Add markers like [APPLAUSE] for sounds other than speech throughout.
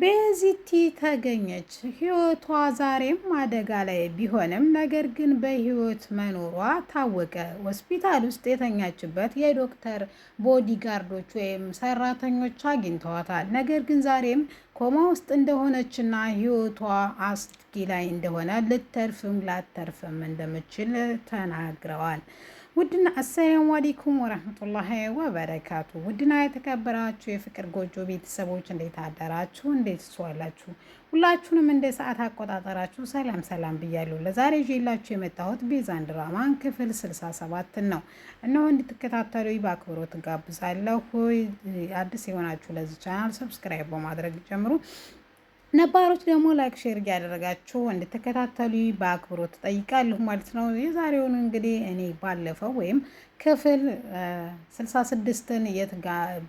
ቤዚቲ ተገኘች። ህይወቷ ዛሬም አደጋ ላይ ቢሆንም ነገር ግን በህይወት መኖሯ ታወቀ። ሆስፒታል ውስጥ የተኛችበት የዶክተር ቦዲጋርዶች ወይም ሰራተኞች አግኝተዋታል። ነገር ግን ዛሬም ኮማ ውስጥ እንደሆነችና ህይወቷ አስጊ ላይ እንደሆነ ልተርፍም ላተርፍም እንደምችል ተናግረዋል። ውድና አሰላሙ አሌይኩም ወረህመቱላሂ ወበረካቱ። ውድና የተከበራችሁ የፍቅር ጎጆ ቤተሰቦች እንዴት አደራችሁ? እንዴት ስዋላችሁ? ሁላችሁንም እንደ ሰዓት አቆጣጠራችሁ ሰላም ሰላም ብያለሁ። ለዛሬ ይዤላችሁ የመጣሁት ቤዛን ድራማን ክፍል 67 ነው። እነሆ እንድትከታተሉ በአክብሮት ጋብዛለሁ። አዲስ የሆናችሁ ለዚህ ቻናል ሰብስክራይብ በማድረግ ጀምሩ። ነባሮች ደግሞ ላይክ ሼር እያደረጋችሁ እንድትከታተሉ በአክብሮት ጠይቃለሁ ማለት ነው። የዛሬውን እንግዲህ እኔ ባለፈው ወይም ክፍል 66ን የት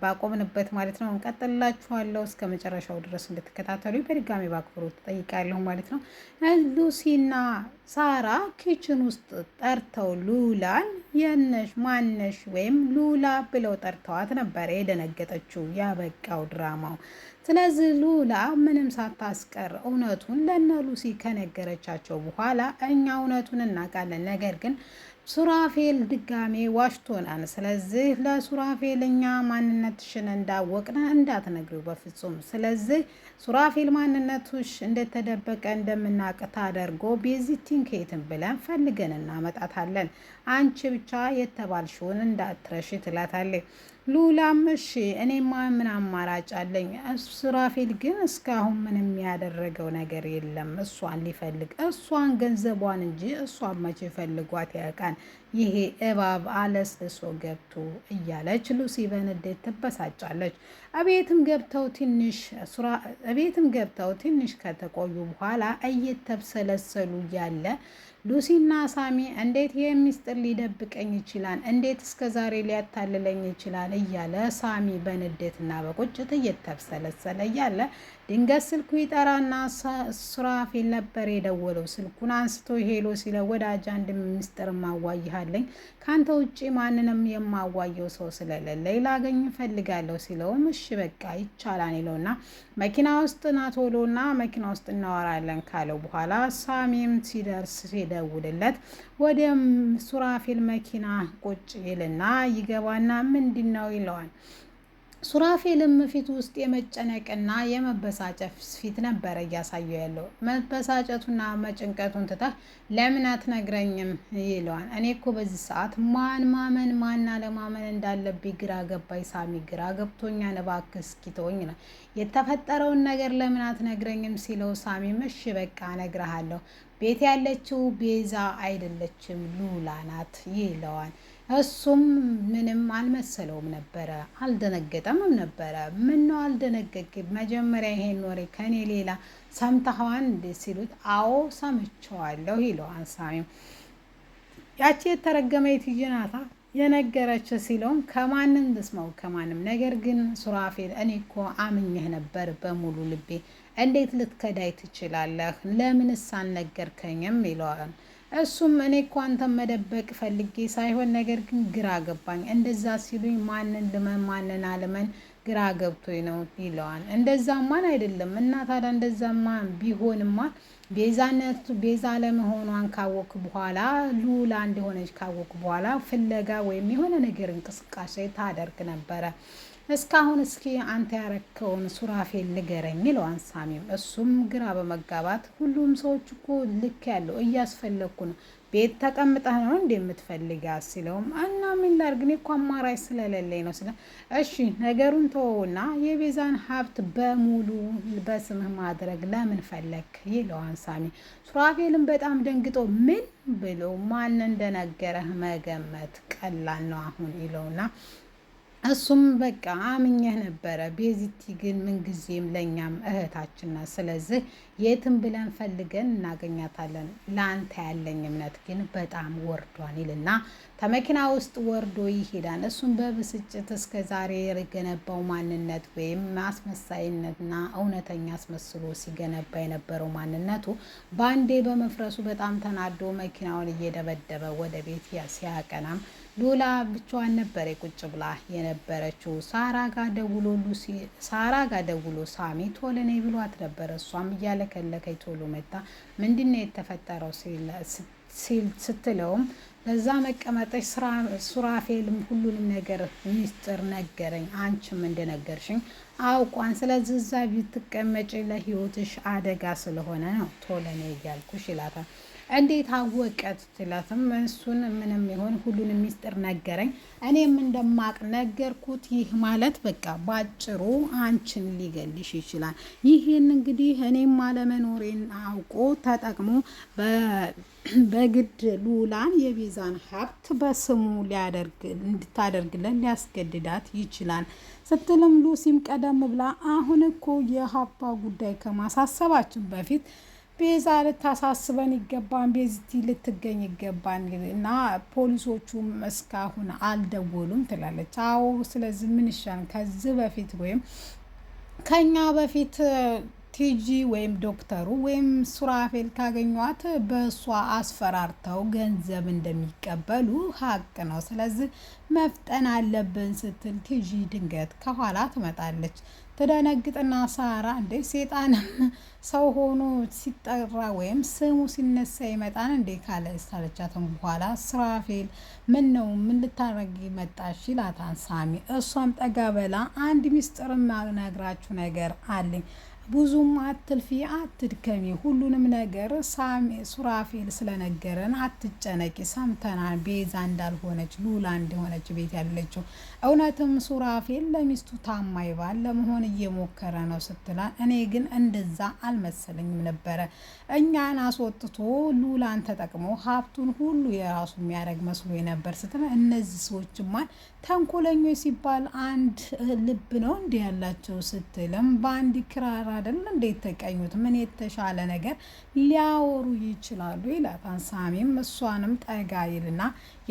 ባቆምንበት ማለት ነው እንቀጥላችኋለሁ። እስከ መጨረሻው ድረስ እንድትከታተሉ በድጋሚ በአክብሮት ትጠይቃለሁ ማለት ነው። ሉሲና ሳራ ኪችን ውስጥ ጠርተው ሉላን የነሽ ማነሽ ወይም ሉላ ብለው ጠርተዋት ነበረ የደነገጠችው ያበቃው ድራማው። ስለዚህ ሉላ ምንም ሳታስቀር እውነቱን ለነ ሉሲ ከነገረቻቸው በኋላ እኛ እውነቱን እናውቃለን ነገር ግን ሱራፌል ድጋሜ ዋሽቶናል። ስለዚህ ለሱራፌል እኛ ማንነትሽን እንዳወቅነ እንዳትነግሪው በፍጹም። ስለዚህ ሱራፌል ማንነቱሽ እንደተደበቀ እንደምናቅ ታደርጎ ቤዚቲን ከየትን ብለን ፈልገን እናመጣታለን። አንቺ ብቻ የተባልሽውን እንዳትረሽ ትላታለች። ሉላም እሺ እኔማ ምን አማራጭ አለኝ? ሱራፌል ግን እስካሁን ምንም ያደረገው ነገር የለም። እሷን ሊፈልግ እሷን ገንዘቧን እንጂ እሷን መቼ ፈልጓት ያውቃል? ይሄ እባብ አለስልሶ ገብቶ እያለች ሉሲ በንዴት ትበሳጫለች። እቤትም ገብተው ትንሽ እቤትም ገብተው ትንሽ ከተቆዩ በኋላ እየተብሰለሰሉ ያለ ሉሲና ሳሚ እንዴት ይህ ሚስጥር ሊደብቀኝ ይችላል? እንዴት እስከ ዛሬ ሊያታልለኝ ይችላል? እያለ ሳሚ በንዴትና በቁጭት እየተብሰለሰለ እያለ ድንገት ስልኩ ይጠራና ሱራፌል ነበር የደወለው። ስልኩን አንስቶ ሄሎ ሲለ ወዳጅ አንድ ምስጢር ማዋይሃለኝ ከአንተ ውጭ ማንንም የማዋየው ሰው ስለሌለኝ ላገኝ እፈልጋለሁ ሲለውም እሺ በቃ ይቻላል ይለውና መኪና ውስጥ ና ቶሎና መኪና ውስጥ እናወራለን ካለው በኋላ ሳሚም ሲደርስ ሲደውልለት ወደ ሱራፌል መኪና ቁጭ ይልና ይገባና ምንድን ነው ይለዋል። ሱራፌልም ፊት ውስጥ የመጨነቅና የመበሳጨት ፊት ነበረ እያሳየ ያለው። መበሳጨቱና መጭንቀቱን ትታ ለምን አትነግረኝም ይለዋል። እኔ እኮ በዚህ ሰዓት ማን ማመን ማና ለማመን እንዳለብኝ ግራ ገባኝ ሳሚ፣ ግራ ገብቶኛ እባክህ እስኪ ተወኝ ይላል። የተፈጠረውን ነገር ለምን አትነግረኝም ሲለው ሳሚ እሺ በቃ እነግርሃለሁ፣ ቤት ያለችው ቤዛ አይደለችም ሉላ ናት ይለዋል። እሱም ምንም አልመሰለውም ነበረ። አልደነገጠምም ነበረ። ምን ነው አልደነገግ መጀመሪያ ይሄን ወሬ ከኔ ሌላ ሰምተኸዋን እንዴ ሲሉት አዎ ሰምቸዋለሁ ይለዋል ሳሚም። ያቺ የተረገመ የትዬ ናታ የነገረች ሲለውም ከማንም ልስማው ከማንም ነገር ግን ሱራፌል እኔ እኮ አምኜህ ነበር በሙሉ ልቤ እንዴት ልትከዳይ ትችላለህ? ለምንስ አልነገርከኝም? ይለዋል እሱም እኔ እኮ አንተን መደበቅ ፈልጌ ሳይሆን ነገር ግን ግራ ገባኝ፣ እንደዛ ሲሉኝ ማንን ልመን ማንን አልመን ግራ ገብቶኝ ነው ይለዋል። እንደዛማን አይደለም እና ታዲያ እንደዛማ ቢሆንማ ቤዛነቱ ቤዛ ለመሆኗን ካወቅ በኋላ ሉላ እንደሆነች ካወቅ በኋላ ፍለጋ ወይም የሆነ ነገር እንቅስቃሴ ታደርግ ነበረ። እስካሁን እስኪ አንተ ያረከውን ሱራፌል ንገረኝ ይለዋል ሳሚም። እሱም ግራ በመጋባት ሁሉም ሰዎች እኮ ልክ ያለው እያስፈለግኩ ነው ቤት ተቀምጠህ ነው እንደ የምትፈልጋት ሲለውም እና ምን ላድርግ እኔ እኮ አማራጭ ስለሌለኝ ነው ስለ እሺ ነገሩን ተወውና የቤዛን ሀብት በሙሉ በስምህ ማድረግ ለምን ፈለግ ይለዋል ሳሚ። ሱራፌልም በጣም ደንግጦ ምን ብሎ ማን እንደነገረህ መገመት ቀላል ነው አሁን ይለውና እሱም በቃ አምኜህ ነበረ። ቤዚቲ ግን ምንጊዜም ለእኛም እህታችን ናት። ስለዚህ የትም ብለን ፈልገን እናገኛታለን። ለአንተ ያለኝ እምነት ግን በጣም ወርዷን ይልና ከመኪና ውስጥ ወርዶ ይሄዳል። እሱም በብስጭት እስከ ዛሬ የገነባው ማንነት ወይም አስመሳይነትና እውነተኛ አስመስሎ ሲገነባ የነበረው ማንነቱ በአንዴ በመፍረሱ በጣም ተናዶ መኪናውን እየደበደበ ወደ ቤት ሲያቀናም ሉላ ብቻዋን ነበር ቁጭ ብላ የነበረችው። ሳራ ጋ ደውሎ ሳሚ ቶሎ ነይ ብሏት ነበረ። እሷም እያለከለከኝ ቶሎ መታ ምንድነው የተፈጠረው ሲል ስትለውም በዛ መቀመጠች ሱራፌልም ሁሉንም ነገር ሚስጥር ነገረኝ፣ አንቺም እንደነገርሽኝ አውቋን። ስለዚህ እዛ ብትቀመጪ ለህይወትሽ አደጋ ስለሆነ ነው ቶሎ ነይ እያልኩሽ ይላታል። እንዴት አወቀት ስላትም እሱን ምንም ይሆን ሁሉን ሚስጥር ነገረኝ፣ እኔም እንደማቅ ነገርኩት። ይህ ማለት በቃ ባጭሩ አንቺን ሊገልሽ ይችላል። ይህን እንግዲህ እኔም አለመኖሬን አውቆ ተጠቅሞ [CLEARS THROAT] በግድ ሉላን የቤዛን ሀብት በስሙ ሊያደርግ እንድታደርግለን ሊያስገድዳት ይችላል ስትልም ሉሲም ቀደም ብላ አሁን እኮ የሀባ ጉዳይ ከማሳሰባችን በፊት ቤዛ ልታሳስበን ይገባን፣ ቤዝቲ ልትገኝ ይገባን እና ፖሊሶቹም እስካሁን አልደወሉም ትላለች። አዎ ስለዚህ ምን ይሻል ከዚህ በፊት ወይም ከኛ በፊት ቲጂ ወይም ዶክተሩ ወይም ሱራፌል ካገኟት በእሷ አስፈራርተው ገንዘብ እንደሚቀበሉ ሀቅ ነው። ስለዚህ መፍጠን አለብን ስትል ቲጂ ድንገት ከኋላ ትመጣለች። ተደነግጥና ሳራ እንዴ ሴጣንም ሰው ሆኖ ሲጠራ ወይም ስሙ ሲነሳ ይመጣን እንዴ ካለ ሳለቻትን በኋላ ስራፌል ምን ነው ምን ልታረጊ መጣሽ? ይላታን ሳሚ እሷም ጠጋ በላ አንድ ሚስጥር ማናግራችሁ ነገር አለኝ ብዙም አትልፊ አትድከሚ፣ ሁሉንም ነገር ሳሚ ሱራፌል ስለነገረን አትጨነቂ። ሰምተናል ቤዛ እንዳልሆነች ሉላ እንደሆነች ቤት ያለችው። እውነትም ሱራፌል ለሚስቱ ታማኝ ባል ለመሆን እየሞከረ ነው ስትላል፣ እኔ ግን እንደዛ አልመሰለኝም ነበረ። እኛን አስወጥቶ ሉላን ተጠቅሞ ሀብቱን ሁሉ የራሱ የሚያደርግ መስሎ ነበር ስትል፣ እነዚህ ሰዎችማን ተንኮለኞች ሲባል አንድ ልብ ነው እንዲ ያላቸው ስትልም በአንድ ክራር አደለ እንዴት ተቀኙት? ምን የተሻለ ነገር ሊያወሩ ይችላሉ ይላታል። ሳሚም እሷንም ጠጋ ይልና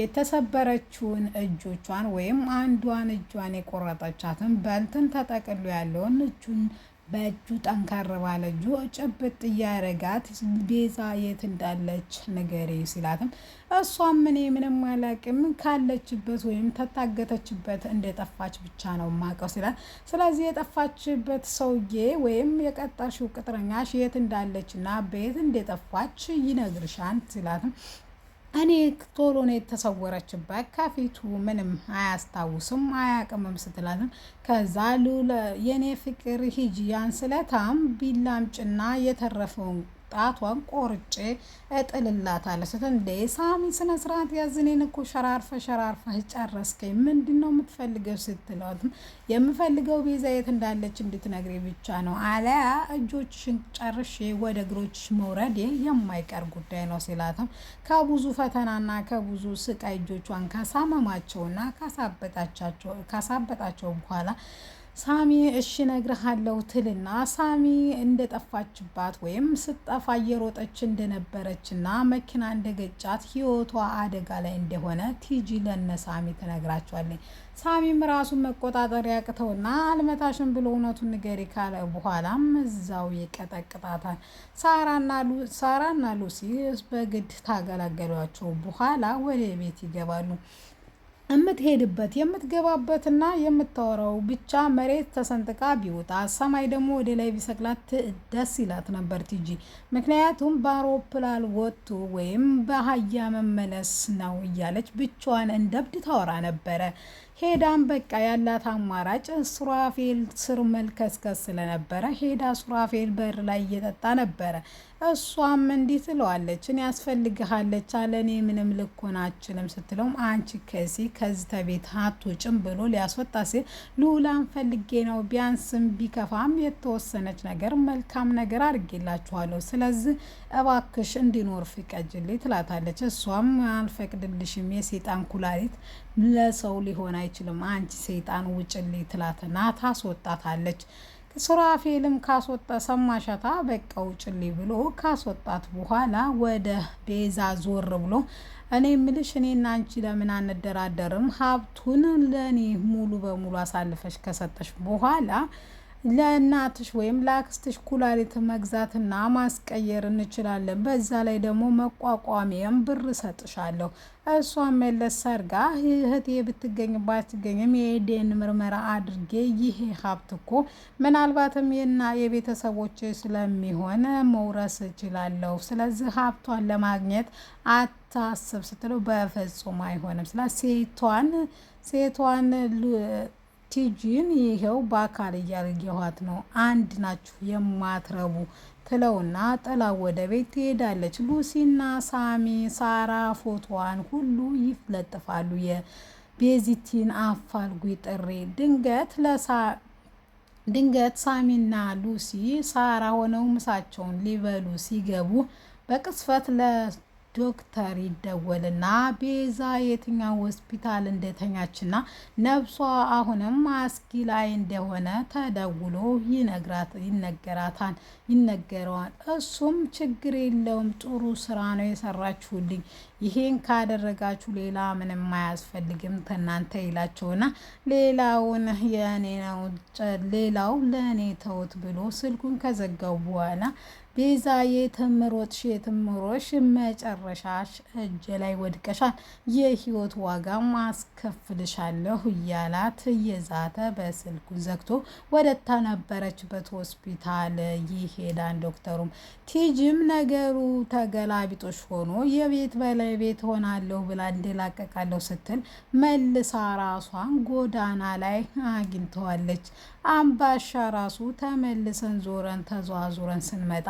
የተሰበረችውን እጆቿን ወይም አንዷን እጇን የቆረጠቻትን በልትን ተጠቅሎ ያለውን እጁን በእጁ ጠንከር ባለ እጁ ጭብጥ እያረጋት ቤዛ የት እንዳለች ንገሪ ሲላትም እሷም እኔ ምንም አላቅም ካለችበት ወይም ተታገተችበት እንደጠፋች ብቻ ነው ማቀው ሲላት፣ ስለዚህ የጠፋችበት ሰውዬ ወይም የቀጠርሽው ቅጥረኛሽ የት እንዳለችና በየት እንደጠፋች ይነግርሻን ሲላትም እኔ ቶሎ ነው የተሰወረችበት ከፊቱ ምንም አያስታውስም አያቅምም ስትላትን ከዛ ሉለ የእኔ ፍቅር ሂጂ ስለታም ቢላምጭና የተረፈውን ጣቷን ቆርጬ እጥልላት አለ ስት እንዴ ሳሚ ስነ ስርዓት ያዝኔን እኮ ሸራርፈ ሸራርፈ ጨረስከኝ፣ ምንድን ነው የምትፈልገው ስትለት የምፈልገው ቤዛ የት እንዳለች እንድትነግሪ ብቻ ነው፣ አለያ እጆችሽን ጨርሼ ወደ እግሮችሽ መውረድ የማይቀር ጉዳይ ነው ሲላትም ከብዙ ፈተናና ከብዙ ስቃይ እጆቿን ካሳመማቸውና ካሳበጣቸው በኋላ ሳሚ እሺ እነግርሃለሁ ትልና ሳሚ እንደጠፋችባት ወይም ስጠፋ እየሮጠች እንደነበረችና መኪና እንደገጫት ህይወቷ አደጋ ላይ እንደሆነ ቲጂ ለነ ሳሚ ትነግራቸዋለች። ሳሚም ራሱን መቆጣጠር ያቅተውና አልመታሽን ብሎ እውነቱን ንገሪ ካለ በኋላም እዛው ይቀጠቅጣታል። ሳራና ሉሲ በግድ ታገላገሏቸው በኋላ ወደ ቤት ይገባሉ። የምትሄድበት የምትገባበትና የምታወራው ብቻ መሬት ተሰንጥቃ ቢወጣ ሰማይ ደግሞ ወደ ላይ ቢሰቅላት ደስ ይላት ነበር ቲጂ። ምክንያቱም በአውሮፕላን ወጥቶ ወይም በአህያ መመለስ ነው እያለች ብቻዋን እንደብድ ታወራ ነበረ። ሄዳም በቃ ያላት አማራጭ ሱራፌል ስር መልከስከስ ስለነበረ ሄዳ ሱራፌል በር ላይ እየጠጣ ነበረ። እሷም እንዲህ ትለዋለች፣ እኔ ያስፈልግሃለች አለ እኔ ምንም ልኮን አችልም ስትለውም አንቺ ከሲ ከዚህ ተቤት ጭም ብሎ ሊያስወጣ ሲል ልውላን ፈልጌ ነው ቢያንስም ቢከፋም የተወሰነች ነገር መልካም ነገር አድርጌላችኋለሁ፣ ስለዚህ እባክሽ እንዲኖር ፍቀጅልኝ ትላታለች። እሷም አልፈቅድልሽም፣ የሴጣን ኩላሊት ለሰው ሊሆን አይችልም፣ አንቺ ሴጣን ውጭልኝ ትላትና ታስወጣታለች። ሱራፌልም ካስወጣ ሰማሸታ በቃ ውጭልኝ ብሎ ካስወጣት በኋላ ወደ ቤዛ ዞር ብሎ እኔ ምልሽ እኔና አንቺ ለምን አንደራደርም? ሀብቱን ለእኔ ሙሉ በሙሉ አሳልፈሽ ከሰጠሽ በኋላ ለእናትሽ ወይም ለአክስትሽ ኩላሊት መግዛትና ማስቀየር እንችላለን። በዛ ላይ ደግሞ መቋቋሚያም ብር እሰጥሻለሁ። እሷ መለስ ሰርጋ እህቴ ብትገኝ ባትገኝም የኤዴን ምርመራ አድርጌ ይሄ ሀብት እኮ ምናልባትም የና የቤተሰቦች ስለሚሆን መውረስ እችላለሁ። ስለዚህ ሀብቷን ለማግኘት አታስብ ስትለው በፍጹም አይሆንም ስላ ሴቷን ሴቷን ቲጂን ይሄው በአካል እያየኋት ነው። አንድ ናችሁ የማትረቡ ትለውና ጥላ ወደ ቤት ትሄዳለች። ሉሲና ሳሚ ሳራ ፎቶዋን ሁሉ ይፍለጥፋሉ። የቤዚቲን አፋልጉ ጥሪ ድንገት ለሳ ድንገት ሳሚና ሉሲ ሳራ ሆነው ምሳቸውን ሊበሉ ሲገቡ በቅስፈት ዶክተር ይደወልና ቤዛ የትኛው ሆስፒታል እንደተኛችና ነፍሷ አሁንም አስጊ ላይ እንደሆነ ተደውሎ ይነግራት ይነገራታል ይነገረዋል። እሱም ችግር የለውም ጥሩ ስራ ነው የሰራችሁልኝ፣ ይሄን ካደረጋችሁ ሌላ ምንም አያስፈልግም ከእናንተ ይላቸውና ሌላውን የኔ ነው ሌላው ለእኔ ተውት ብሎ ስልኩን ከዘጋው በኋላ ቤዛ የትም ሮጥሽ የትም ሮሽ መጨረሻሽ እጅ ላይ ወድቀሻል፣ የህይወት ዋጋ ማስከፍልሻለሁ እያላት እየዛተ በስልኩ ዘግቶ ወደ ተነበረችበት ሆስፒታል ይሄዳን። ዶክተሩም ቲጂም ነገሩ ተገላቢጦሽ ሆኖ የቤት ባለቤት ሆናለሁ ብላ እንድላቀቃለሁ ስትል መልሳ ራሷን ጎዳና ላይ አግኝተዋለች። አምባሻ ራሱ ተመልሰን ዞረን ተዘዋዙረን ስንመጣ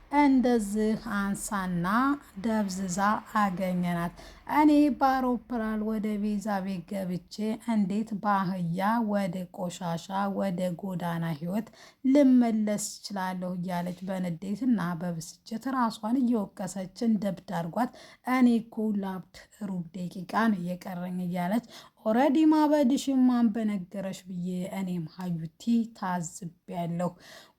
እንደዚህ አንሳና ደብዝዛ አገኘናት። እኔ በአውሮፕላን ወደ ቤዛ ቤት ገብቼ እንዴት በአህያ ወደ ቆሻሻ ወደ ጎዳና ህይወት ልመለስ እችላለሁ? እያለች በንዴት በንዴትና በብስጭት ራሷን እየወቀሰች ደብድ አድርጓት። እኔ እኮ ላብድ ሩብ ደቂቃ ነው እየቀረኝ እያለች ኦረዲ ማበድሽን ማን በነገረሽ ብዬ እኔም ሀዩቲ ታዝቤያለሁ።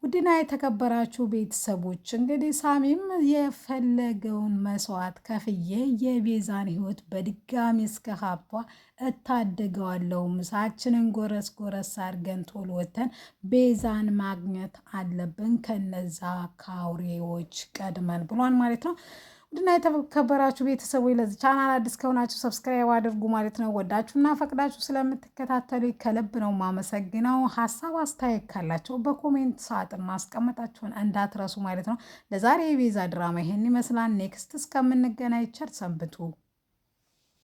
ውድና የተከበራችሁ ቤተሰቦች እንግዲህ እንግዲህ ሳሚም የፈለገውን መስዋዕት ከፍዬ የቤዛን ህይወት በድጋሚ እስከ ሀቧ እታደገዋለሁ። ምሳችንን ጎረስ ጎረስ አድርገን ቶሎ ወተን ቤዛን ማግኘት አለብን ከነዛ ካውሬዎች ቀድመን ብሏን ማለት ነው። ድና የተከበራችሁ ቤተሰቦች ለዚህ ቻናል አዲስ ከሆናችሁ ሰብስክራይብ አድርጉ ማለት ነው። ወዳችሁና ፈቅዳችሁ ስለምትከታተሉ ከልብ ነው ማመሰግነው። ሀሳብ አስተያየት ካላቸው በኮሜንት ሳጥን ማስቀመጣችሁን እንዳትረሱ ማለት ነው። ለዛሬ የቤዛ ድራማ ይሄን ይመስላል። ኔክስት እስከምንገናኝ ቸር ሰንብቱ።